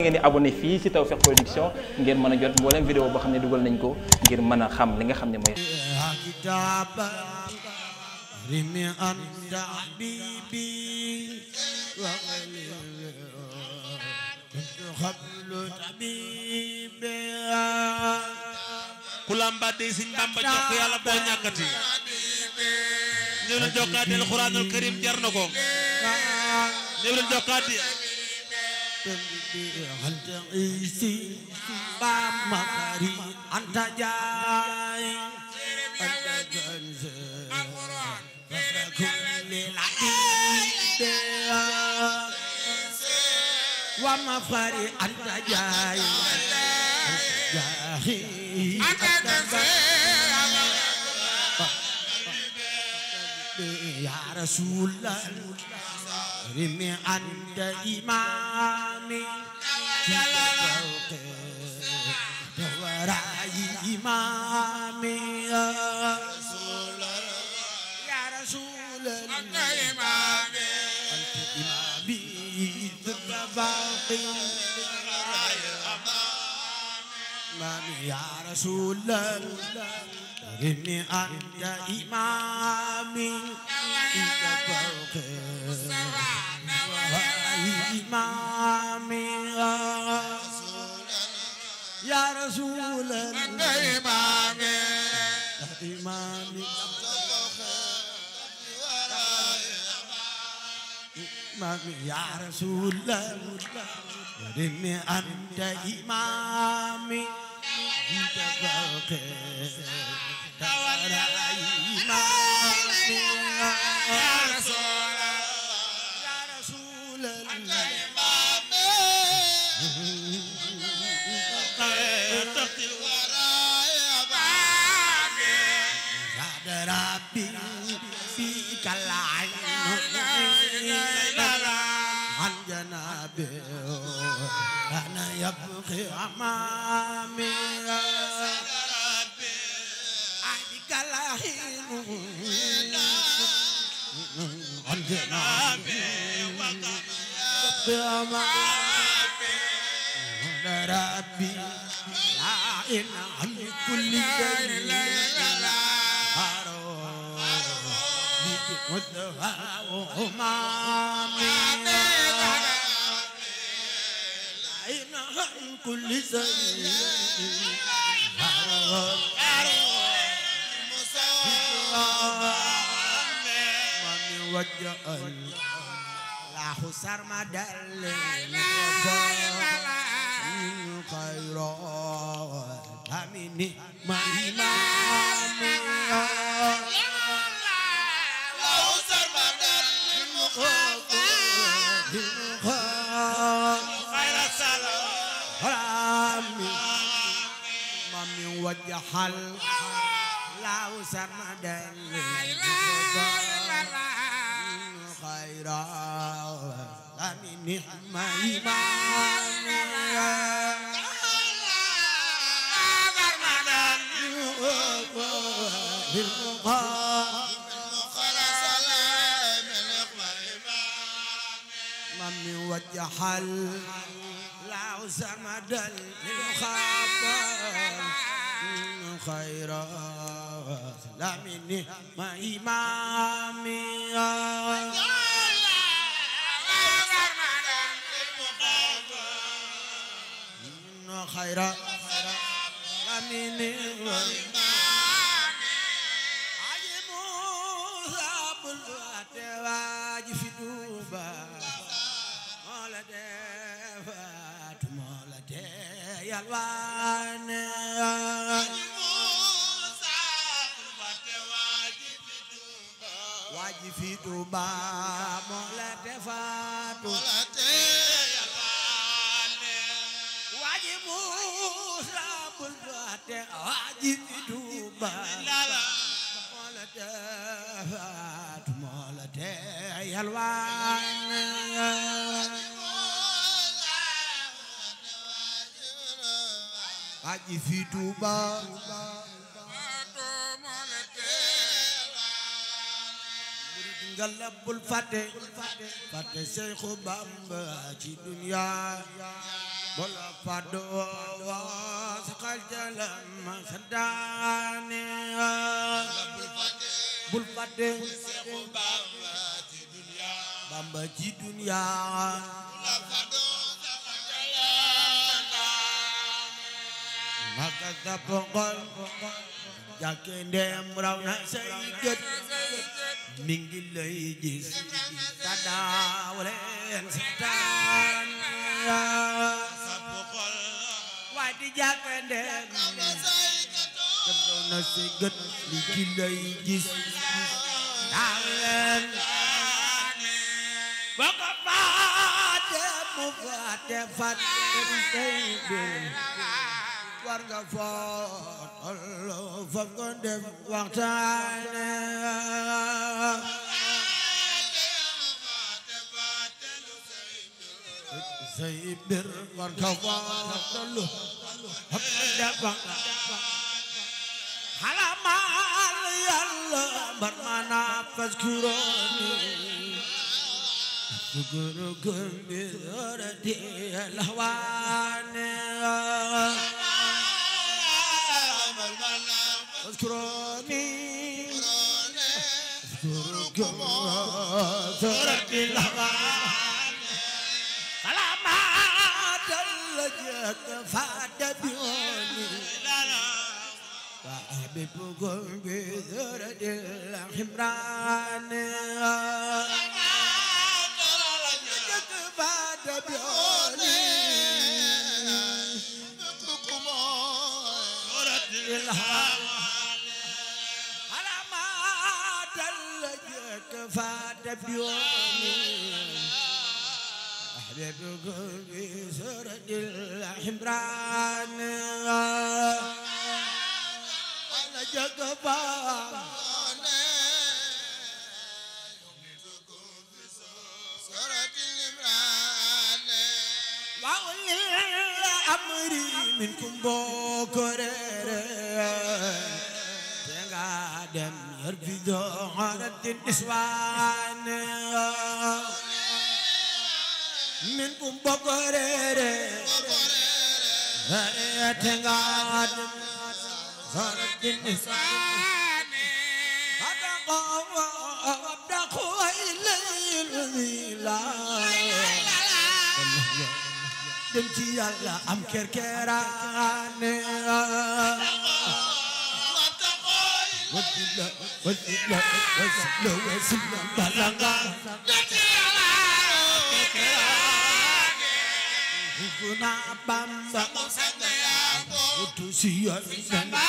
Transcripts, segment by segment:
ngeen di abonné fii ci Tawfekh Production ngeen mën a jot mboolem vidéo xam ne nañ ko ngir mën a xam li nga xam ne mooy rimi an tabibi wa qablu tabibi ku lamba de Sëriñ Bamba jox ko yàlla boo ñàkkati ñëw leen jokkaati alxuraanul karim jar na ko ñëw jokkaati hal taisi ba makari anta jaay anta ganza kulli ladide wa mafari anta jaay jahi anta ganza ya rasulullah المحرم أنت إمامي ورائي إمامي يا رسول يا رسول الله أنت إمامي أنت إمامي ضد باقي إمامي يا رسول الله إني أنت إمامي ضد باقي إمامها يا رسول الله أنت إمامي إمامي إمامي يا رسول الله ورني أنت إمامي أنت فوقي تولى إمامي يبقي أمامي عليك لحين عن جنابي يبقي أمامي ربي لا إله عن كل جري هارو بمدها أمامي عن كل شيء من وجه الله سرمدا خيرا أمين ما إيمان xal law sarmadan xayra ani nixma imaan من وجه حل لا سمد للمخاطر خير لا مني ما إمامي خير لا مني ما إمامي Touba moo la te faatu moo la te yabaane waaji Muusa bul faate waaji Touba moo la te faatu moo la te yalwaane waaji fi Touba nga la bul fàtte fàtte Seexu Bamba ci dunya bola fado wa sakal bul fàtte Seexu Bamba ci dunya Bamba ci dunya bola fado sakal jalam maka sa bongol bongol yàkke ndeem raw na say gët mi ngi lay gis ta daawleen si taan waay di jàkke ndeem raw na say gët mi ngi lay gis daawleen boo ko faate mu faate faate say biir war nga foo foof ko def waxtaane say bir war nga foo foof ko def xalamal yàlla bar mana faskurooni guru guru bi rati alwane اذكروني اذكركم زرق الهوان فلما دلجت فاتبعوني وأحببكم بزرد الحمران فاتبعوني الهوان فقد يومي أحبب قلبي سرد الحمران على جقبان وأولي الأمر منكم بكرة تنقادم الأرض جعلت النسوان منكم بقرير هريت غاد صارت النسوان أبدخوا إلي الوزيلا دمتي يلا أم كركران wasila wasila wasila wasila balanga natiyala kekerake hukuna bamba sangaya bo utusiya samba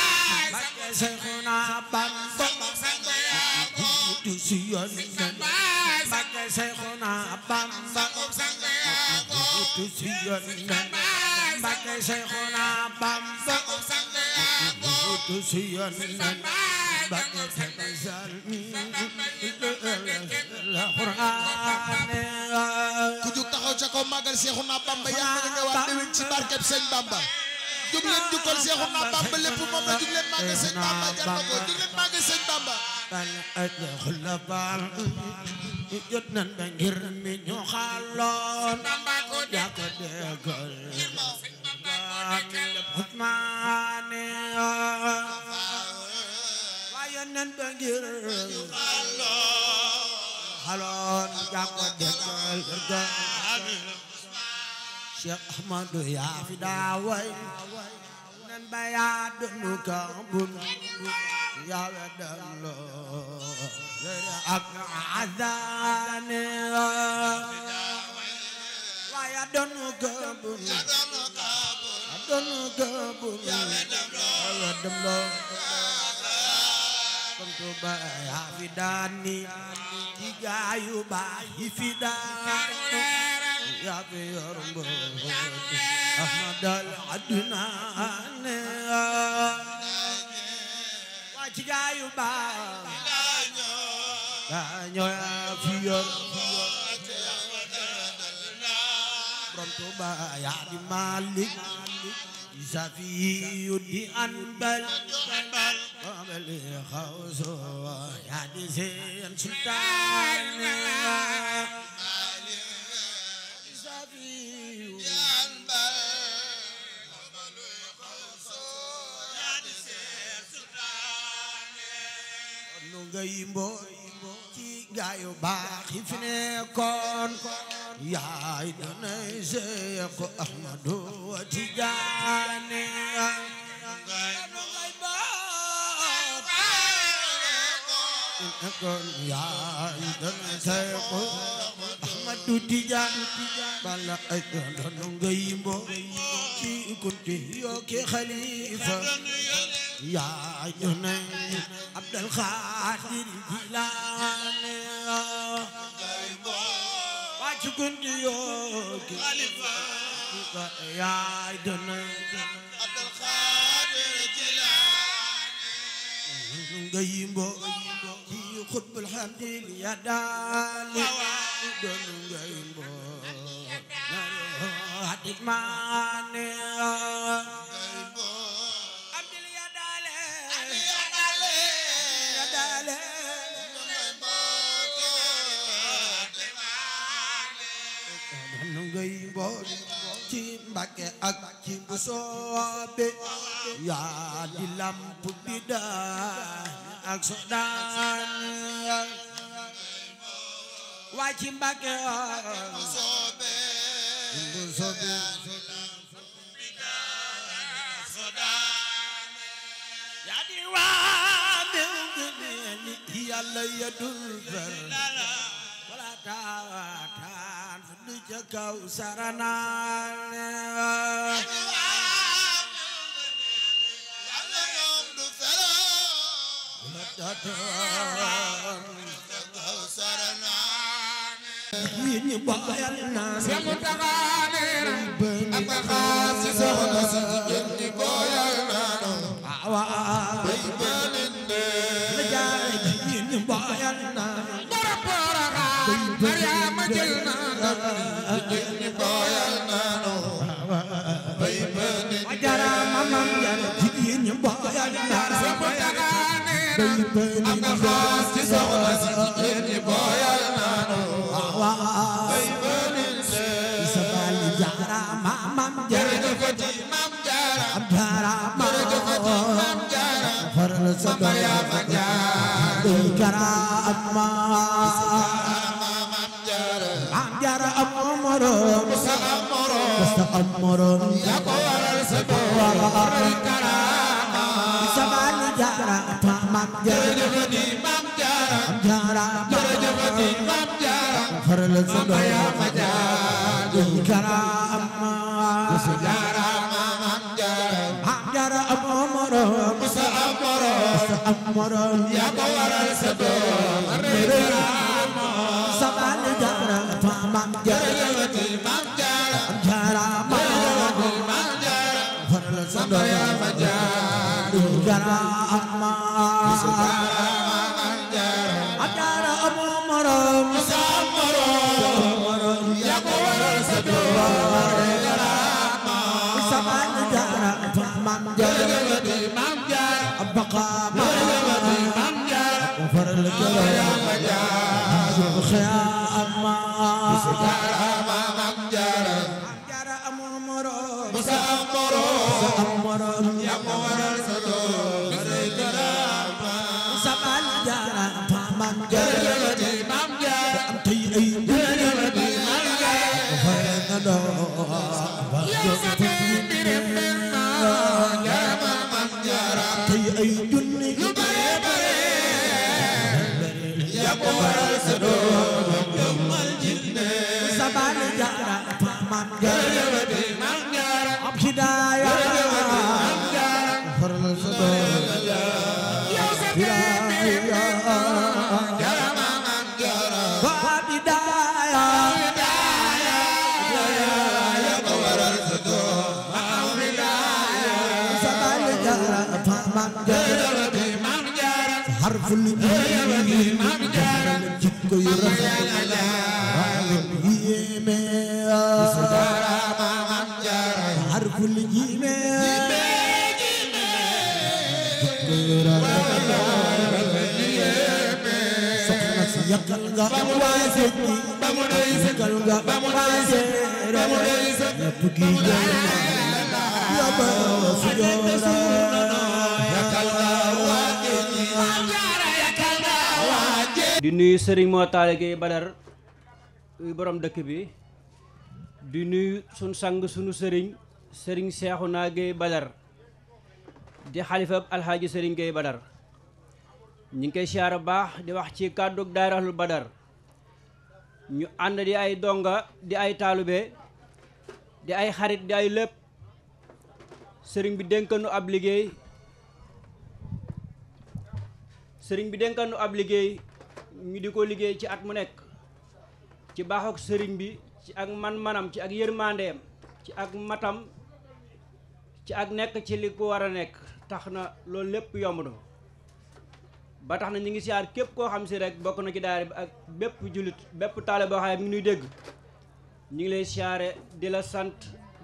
sanguna bamba sangaya bo utusiya samba sanguna bamba sangaya bo utusiya samba sanguna bamba sangaya bo utusiya samba ku jug taxaw ca kaw màggal Seexuna Bamba yaa ngi nga wax déwén ci barkeb Sëñ Bamba jug leen jukkal Seexuna Bamba lépp moom la jug leen màggal Sëñ Bamba jar na ko jug leen màggal Sëñ Bamba jot nan ba ngir mi ñu xaloon yaa ko déggal nan ba ngir xaloon jàngo demal ga Cheikh Ahmadou yaa fi daa way nan ba yaa donu kambun yaa we dallo ak azane wa yaa donu kambun donu kambun yaa we dallo ba yaa fi daani gaayu baax yi fi daani yaa fi ci gaayu baax gaañoo yaa fi yor borom Tuuba yaa di Maalik Safiyu di Anbal وعملي خوزو يعني زين سلطان nga yimbo ci gaayu baax yi fi nekkoon yaay danay seex Ahmadu Tijaani kon yaa doon sayko Ahmadu Tijaan bala ay doon ngay mbo ci kunti yoo ki xalifa yaa doon Abdul Xaadir Jilaani waa ci kunti yoo ki xalifa yaa doon Abdul Xaadir Jilaani ngay mbo xutbul hamdi li ya daali doon ngay mboor naroo hadik maane ngay mboor ci Mbàkke ak ci Mbusoobe yaa di lamp bi daa ak waa ci Mbàkke sobe sobe yaa di waa ni yàlla ya dul fer wala taataan fu du ca kaw saranaan Jigéen ñi bokk yal na am nga xaas ci soxna si jigéen ñi booyal naanu bay bënin seen sabal jaara maam jaara jërëjëfati maam jaara jërëjëfati maam jaara faral sa Mariama jaara jaara amma maam jaara maam jaara amoro musa amoro musa amoro yaa ko waral sa ko waral karama sabal jaara jërëjëfati maam jaara jërëjëfati maam jaara faral sa doom ya ma jaadu karaama musa jaara maam jaara maam jaara am amoro musa amoro musa amoro ya ko waral sa doom karaama sabal jaara maam jaara jërëjëfati maam jaara jaara maam jaara faral sa doom ya ma jaadu karaama sa amoro sa amoro ya ko waral sa do xulli ji maam jaara jikko yu rafet maam yéeme subaara maam jaara har xulli ji me jikko yu rafet yéeme soxna si yàqal nga waay sëñ bi yàqal nga waay sëñ ñëpp gi jaara yaba su joora di nuyu sëriñ moo taale Gueye Badar uy borom dëkk bi di nuyu suñ sang sunu sëriñ sëriñ Seexuna Gueye Badar di xalifa alxaaji sëriñ Gueye Badar ñi ngi koy siyaar baax di wax ci kàddu daayraxlul Badar ñu ànd di ay donga di ay taalube di ay xarit di ay lépp sëriñ bi dénkanu ab liggéey sëriñ bi dénkanu ab liggéey ñu di ko liggéey ci at mu nekk ci baaxook sëriñ bi ci ak man-manam ci ak yërmandeem ci ak matam ci ak nekk ci li ko war a nekk tax na loolu lépp yomb na ba tax na ñu ngi siyaar képp koo xam si rek bokk na ci daara bi ak bépp jullit bépp taale boo xam ne mi ngi nuy dégg ñu ngi lay siyaare di la sant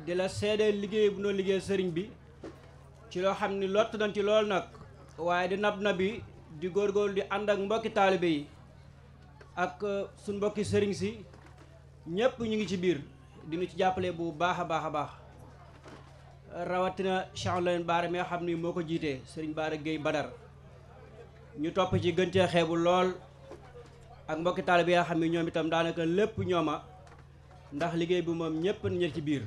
di la seede liggéey bu noo liggéey sëriñ bi ci loo xam ni lott nañ ci lool nag waaye di nab nabi di góorgóorlu di ànd ak mbokki taalibe yi ak euh, suñ mbokki sëriñ si ñëpp ñu ngi ci biir dinu ci jàppale bu baax a baax a baax rawatina Cheikh Lamine Bara mi xam ni moo ko jiitee sëriñ Bara Gueye Badar ñu topp ci gën cee xeebu lool ak mbokki taalibe yi nga xam ne ñoom itam daanaka lépp ñooma ndax liggéey bi moom ñëpp ñër ci biir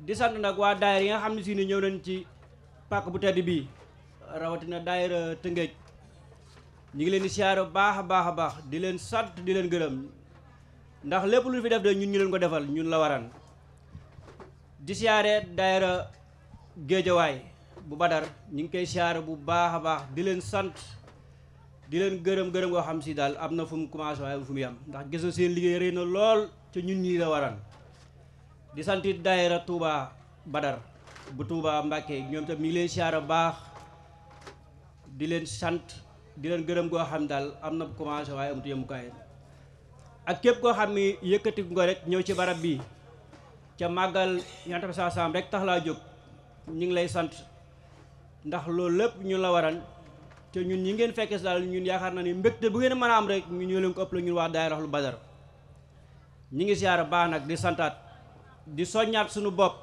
di sant nag waa daayira yi nga xam ne si ñëw nañ ci pàkk bu tedd bii rawatina daayira Tëngéej ñu ngi leen di siyaare baax a baax a baax di leen sant di leen gërëm ndax lépp lu fi def de ñun ñu leen ko defal ñun la waran di siyaare daayira géejawaay bu badar ñu ngi koy siyaare bu baax a baax di leen sant di leen gërëm gërëm goo xam si daal am na fu mu commencé fu yam ndax gis na seen liggéey rëy na lool ci ñun ñi la waran di sant daayira tuubaa badar bu tuubaa Mbàkke ñoom tam mi ngi leen siyaare baax di leen sant di leen gërëm goo xam daal am na commencé waaye amatu yemukaay ak képp koo xam ni yëkkati nga rek ñëw ci barab bi ca màggal ñanta bi saa saam rek tax laa jóg ñu ngi lay sant ndax loolu lépp ñun la waral te ñun ñi ngeen fekkee si daal ñun yaakaar na ni mbégte bu ngeen mën a am rek ñu ñoo leen ko ëpp la ñun waa daayira badar ñi ngi siyaara baax nag di santaat di soññaat suñu bopp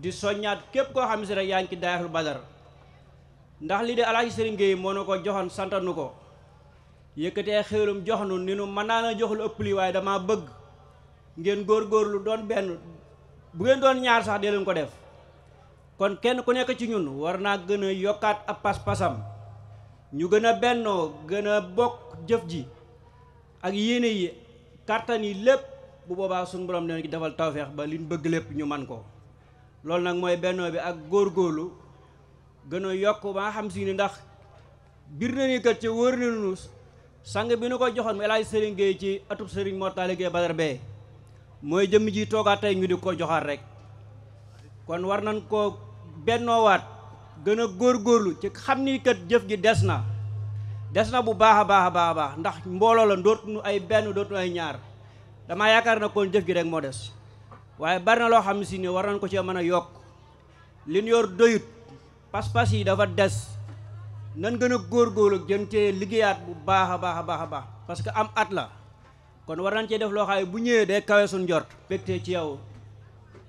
di soññaat képp koo xam si rek yaa ngi ci daayira lu badar ndax li de alaaji Sëriñ Géey moo nu ko joxoon santanu ko yëkkati xeerum xéwlum jox nu ni mën naa ne jox lu ëpp lii waaye dama bëgg ngeen góor góorgóorlu doon benn bu ngeen doon ñaar sax dee ko def kon kenn ku nekk ci ñun war naa gën a yokkaat ab pas-pasam ñu gën a bennoo gën a bokk jëf ji ak yéene yi kàttan yi lépp bu boobaa suñu borom leen ci defal tawfeex ba liñ bëgg lépp ñu man ko loolu nag mooy bennoo bi ak góor góorlu gën a yokk ba nga xam si ni ndax bir na ni kat ci wóor na nu sang bi nu ko joxoon El Hadj Serigne Gueye ci atub Serigne Mortalla Gueye Badar bee mooy jëmm ji toogaat tey ñu di ko joxaat rek kon war nañ ko bennoowaat gën a góorlu ci xam ni kat jëf gi des na des na bu baax a baax a baax ndax mbooloo la dootuñu ay benn dootuñu ay ñaar damaa yaakaar na kon jëf gi rek moo des waaye bari na loo xam si ne war nañ ko ci mën a yokk li ñu doyut pas-pas yi dafa des nan gën a góorgóorlu gën cee liggéeyaat bu baax a baax a baax a baax parce que am at la kon war nañ cee def loo bu ñëwee day kawe suñ jort bégtee ci yow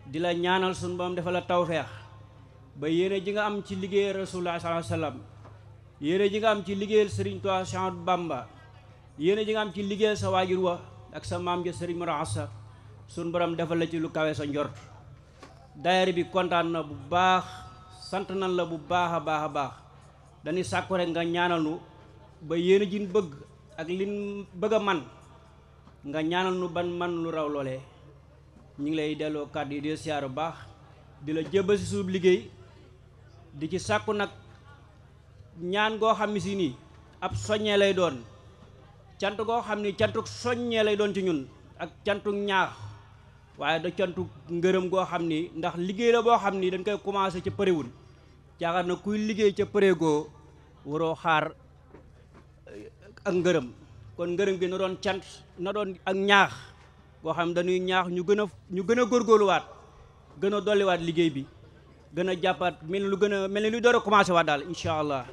di la ñaanal suñ boom dafa la tawfeex ba yéene ji nga am ci liggéey rasulullah sallallahu alayhi wasallam yéene ji nga am ci liggéeyal Serigne Touba Cheikh Bamba yéene ji nga am ci liggéeyal sa waajur wa ak sa maam ja Serigne Mor Assa sun borom defal la ci lu kawe sa njort daayira bi kontaan na bu baax sant nan la bu baax a baax a baax dañuy sàkku rek nga ñaanal nu ba yéen a jin bëgg ak lin bëgg a man nga ñaanal nu ban man lu raw loolee ñu ngi lay delloo kàddu yi di siyaar bu baax di la jébbal si suub liggéey di ci sàkku nag ñaan goo xam si nii ab soññee lay doon cant goo xam ni cantuk soññee lay doon ci ñun ak cantuk ñaax waaye da cantu ngërëm goo xam ni ndax liggéey la boo xam ni dañ koy commencé ca përéwul yaakaar na kuy liggéey ca përégoo waroo xaar eh, ak ngërëm kon ngërëm gi na doon cant na doon ak ñaax goo xam dañuy ñaax ñu gën a ñu gën a góorluwaat gën a dolliwaat liggéey bi gën a jàppaat mel lu gën a mel ni lu door a commencé waat daal incha allah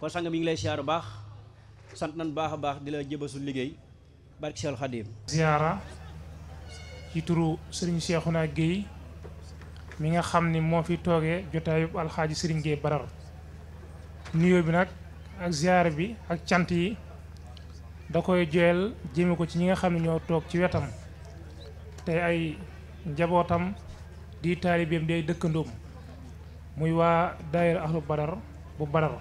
kon sang mi ngi lay siyaar baax sant nan baax a baax di la jëbasul liggéey barki Seex Xaadim ci turu sëriñ Cheikhouna Guèye mi nga xam ni moo fi toogee jotaayub alxaaji sëriñ Guèye Badar nuyoo bi nag ak ziyaar bi ak cant yi da koy joyal jëme ko ci ñi nga xam ne ñoo toog ci wetam te ay njabootam di taalibeem di ay dëkkandoom muy waa daayira ahlu badar bu badar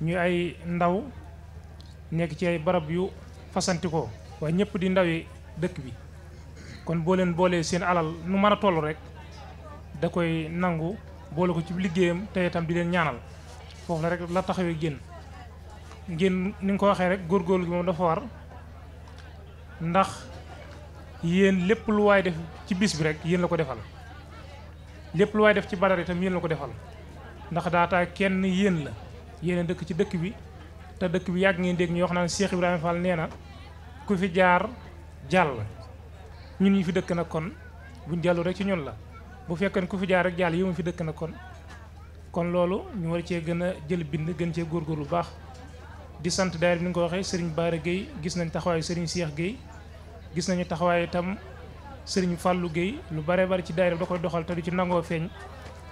ñu ay ndaw nekk ci ay barab yu fasanti ko waaye di ndawi dëkk bi kon boo leen boolee seen alal nu mën a toll rek da koy nangu boole ko ci liggéeyam te itam di leen ñaanal foofu la rek la taxawee génn ngeen ni nga ko waxee rek góorgóorlu gi moom dafa war ndax yéen lépp lu waaye def ci bis bi rek yéen la ko defal lépp lu waay def ci badar itam yéen la ko defal ndax daataa kenn yéen la yeneen dëkk ci dëkk bi te dëkk bi yàgg ngeen dégg ñu wax naan Cheikh Ibrahima Fall nee na ku fi jaar jàll ñun ñu fi dëkk nag kon buñ dellu rek ci ñun la bu fekkee ku fi jaar rek jàll yi mu fi dëkk na kon kon loolu ñu war cee gën a jël bind gën cee góorgóorlu bu baax di sant daayira bi ni nga ko waxee sëriñ Baara Guèye gis nañ taxawaayu sëriñ seex Guèye gis nañu taxawaayu itam sëriñ Fallou Guèye lu bare bari ci daayira bi da koy doxal te lu ci nangoo feeñ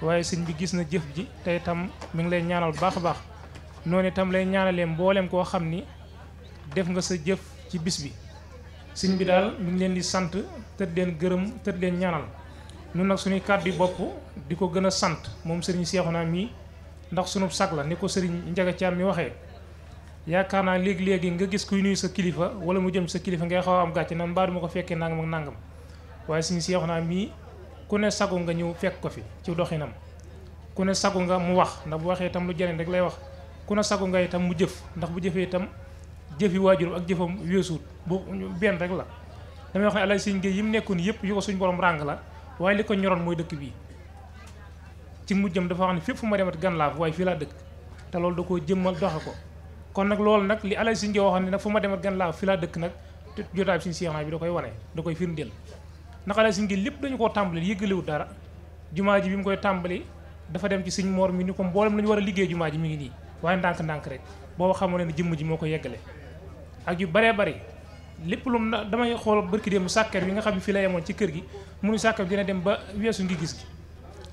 waaye sëriñ bi gis na jëf ji te itam mi ngi lay ñaanal bu baax a baax noonu itam lay ñaanalee mbooleem koo xam ni def nga sa jëf ci bis bi sëñ bi daal mi ngi leen di sant tët leen gërëm tët leen ñaanal ñun nag suñuy kàddu yi bopp di ko gën a sant moom Serigne Cheikhouna mii ndax sunu sag la ni ko sëriñ Ndiaga Thiam mi waxee yaakaar naa léegi-léegi nga gis kuy nuyu sa kilifa wala mu jëm sa kilifa ngay xaw a am gàcce na mbaa du ko fekkee nangam ak nangam waaye Serigne naa mii ku ne sagu nga ñëw fekk ko fi ci doxinam ku ne sagu nga mu wax ndax bu waxee itam lu jëriñ rek lay wax ku ne sagu nga itam mu jëf ndax bu jëfee itam jëfi waajuram ak jëfam weesuut boobu benn rek la damay wax ne alay sëñ Géey yi mu nekkoon yëpp yu ko suñ borom ràng la waaye li ko ñoroon mooy dëkk bi ci mujjam dafa wax ne fépp fu ma demat gan laa fa waaye fii laa dëkk te loolu da koo jëmmal doxe ko kon nag loolu nag li alay sëñ Géey waxoon ne nag fu ma demat gan laa fi laa dëkk nag jotaay bi suñu seexnaa bi da koy wane da koy firndeel ndax alay sëñ Géey lépp dañu koo tàmbali yëggalewut dara jumaa ji bi mu koy tàmbali dafa dem ci sëñ moor mi ñu ko mboolem lañu war a liggéey jumaa ji mi ngi nii waaye ndànk-ndànk rek booba xamoon ne jëmm ji moo ko yeggale ak yu baree bari lépp lu mu damay xool barki démb sàkket bi nga xam ne fii la yemoon ci kër gi munu sàkket bi dina dem ba weesu ngi gis gi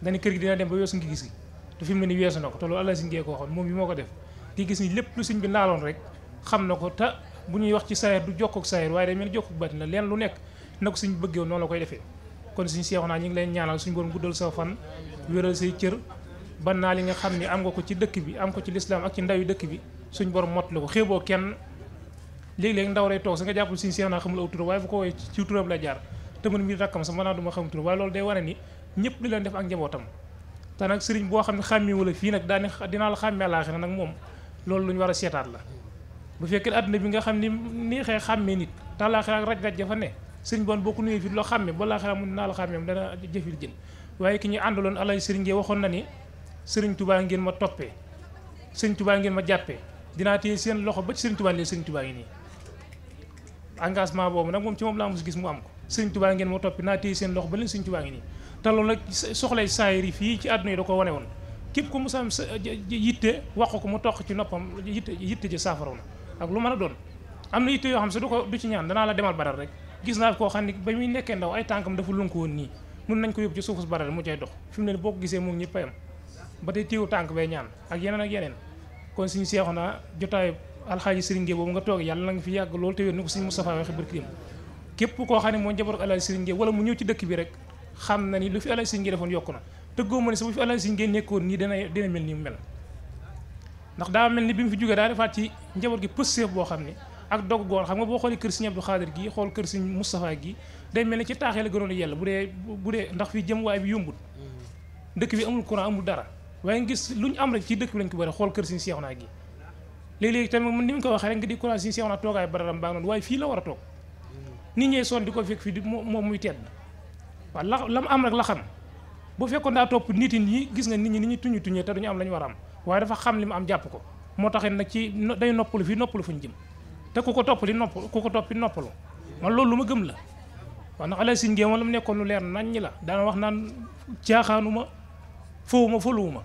dañu kër gi dina dem ba weesu ngi gis gi te fi mu ne ni weesu na ko te loolu allah siñ gee ko moom bi moo ko def ngi gis ni lépp lu siñ bi laaloon rek xam na ko te bu ñuy wax ci saayir du jokkook saayir waaye day mel ni jokkook baat la leen lu nekk na ko suñ bëggee noonu la koy defee kon suñ seexu naa ñu ngi leen ñaanal suñ borom guddal sa fan wéral say cër naa li nga xam ne am nga ko ci dëkk bi am ko ci lislaam ak ci ndawi dëkk bi suñ borom mot la ko xeeboo kenn léegi-léegi ndaw rey toog sa nga jàppul suñu seex naa xamul aw waaye bu ko woowee ci turam la jaar te man mii rakkam sa mën naa du ma xam turam waaye loolu day wane ni ñëpp li leen def ak njabootam te nag sëriñ boo xam ne xàmmee wala fii nag daane dinaa la xàmmee àllaaxira nag moom loolu lu ñu war a seetaat la bu fekkee àdduna bi nga xam ni neexee xàmmee nit te àllaaxira ak raj-raj dafa ne sëriñ boon boo ko nuyee fii loo xàmmee ba àllaaxira mu dinaa la xàmmee dana jëfil jën waaye ki ñu àndaloon alay sëriñ gi waxoon na ni sëriñ tubaa ngeen ma toppee sëriñ tubaa ngeen ma jàppee dinaa téye seen loxo ba ci sëriñ tubaa leen sëriñ nii engagement boobu nag moom ci moom laa mos gis mu am ko sëñ tubaa ngeen moo toppi naa téye seen loxo ba leen sëñ tubaa ngi nii te loolu nag soxlay saayiri fii ci àdduna yi da ko wane woon képp ku mu sam yitte wax ko mu toq ci noppam yitte yitte ji saafaraw na ak lu mën a doon am na yitte yoo xam sax du ko du ci ñaan danaa la demal badar rek gis naa koo xam ne ba muy nekkee ndaw ay tànkam dafa lunk woon nii mun nañ ko yóbbu ci suufus badar a alxaaji Serigne Gueye boobu nga toog yàlla na nga fi yàgg loolu te wér ni ko Serigne Moustapha waxe barki dem képp koo xam ne moo njaboot alxaaji Serigne Gueye wala mu ñëw ci dëkk bi rek xam na ni lu fi alxaaji Serigne Gueye na te góoma ne sa nekkoon nii dana dina mel ni mel ndax daa mel ni bi mu fi jógee daa defaat ci njaboot gi pësseef boo xam ne ak dog goon xam nga boo xoolee kër Serigne Abdou Khadir gi xool kër Serigne Moustapha gi day mel ni ci taaxee la gënoon yàlla bu dee bu dee ndax fii waay bi yombut mm-hmm. dëkk bi amul courant amul dara waaye ngis lu ñu am rek ci dëkk bi lañ ko bare xool kër Serigne Cheikhouna gi léeg-léeg tamit man ni mu ko waxee rek nga découragé si sew na toogaay bararam baa noonu waaye fii la war a toog nit ñee son di ko fekk fii di moom muy tedd waaw la la mu am rek la xam bu fekkoon daa topp nit ñi gis nga nit ñi ni ñu tuñu tuñee te duñu am la ñu war a am waaye dafa xam li mu am jàpp ko moo taxit nag ci day noppalu fii noppalu fuñ jëm te ku ko topp toppali nopp ku ko toppi noppalu man loolu lu ma gëm la waaw ndax ala sin ngéema la mu nekkoon lu leer nañ ñi la daana wax naan caaxaanuma fowuma foluwuma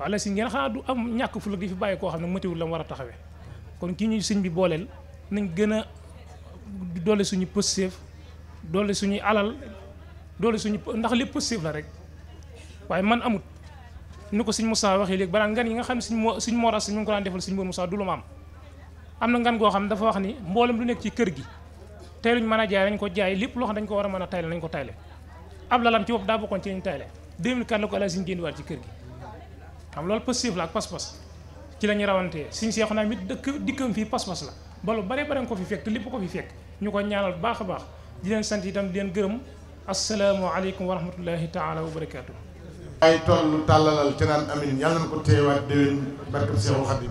waaw la si ngeen xanaa du am ñàkk fulla di fi bàyyi koo xam ne matiwul la mu war a taxawee kon ki ñuy sëñ bi booleel nañ gën a doole suñu positif doole suñuy alal doole suñu ndax lépp positif la rek waaye man amut ni ko sëñ Moussa waxee léegi balaa ngan yi nga xam ne suñ moo suñ moras ñu ngi ko daan defal suñ Mor Moussa du lu ma am am na ngan goo xam ne dafa wax ni mboolem lu nekk ci kër gi tayluñ mën a jaay dañ ko jaay lépp loo xam dañ ko war a mën a tayle nañ ko tayle ab lalam ci bopp daa bokkoon ci lañ tayle 2004 waat ci kër gi xam loolu positif la ak pas-pas ci la ñu rawantee suñ seexu naa mit dëkk dikkam fii pas-pas la balu bare bare nga ko fi fekk te lépp ko fi fekk ñu ko ñaanal baax a baax di leen sant itam tam leen gërëm asalaamaaleykum wa rahmatullahi taala wa barakaatu. ay tool tàllalal te naan amin yàlla na ko teewaat déwén barkab Seexu Xadim